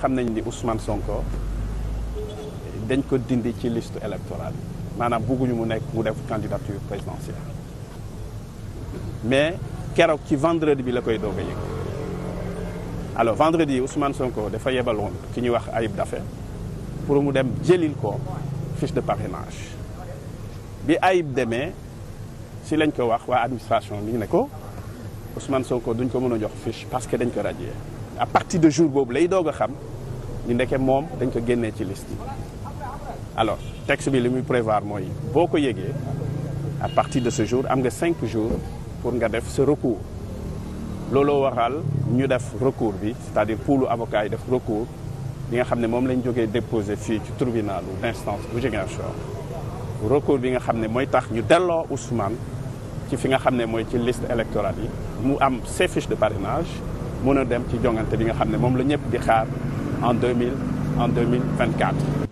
xam nañ ni Ousmane Sonko dañ ko dindi ci liste électorale maanaam bugguñu mu nekk mu def candidature présidentielle mais keroog ci vendredi bi la koy doog a yëg alors vendredi Ousmane Sonko dafa yebaloon ki ñuy wax Ayib Daffé pour mu dem jëlil ko fiche de parrainage bi Ayib demee si lañ ko wax waa administration bi ne ko Ousmane Sonko duñ ko mën a jox fiche parce que dañ ko rajee à partir de jour boobu lay doog a xam ñu ndeke moom dañ ko génnee ci liste yi alors texte bi li muy prévoir mooy boo ko yégee à partir de ce jour am nga cinq jours pour nga def sa recours looloo waxal ñu def recours bi c'est-à-dire poolu avocat yi def recours bi nga xam ne moom lañ jógee déposé fii ci tribunal ou d'instance bu Ziguinchor recours bi nga xam ne mooy tax ñu delloo Ousmane ci fi nga xam ne mooy ci liste électorale yi mu am ses fiches de parrainage mën a dem ci jongante bi nga xam ne moom la ñëpp di xaar en mille en 2024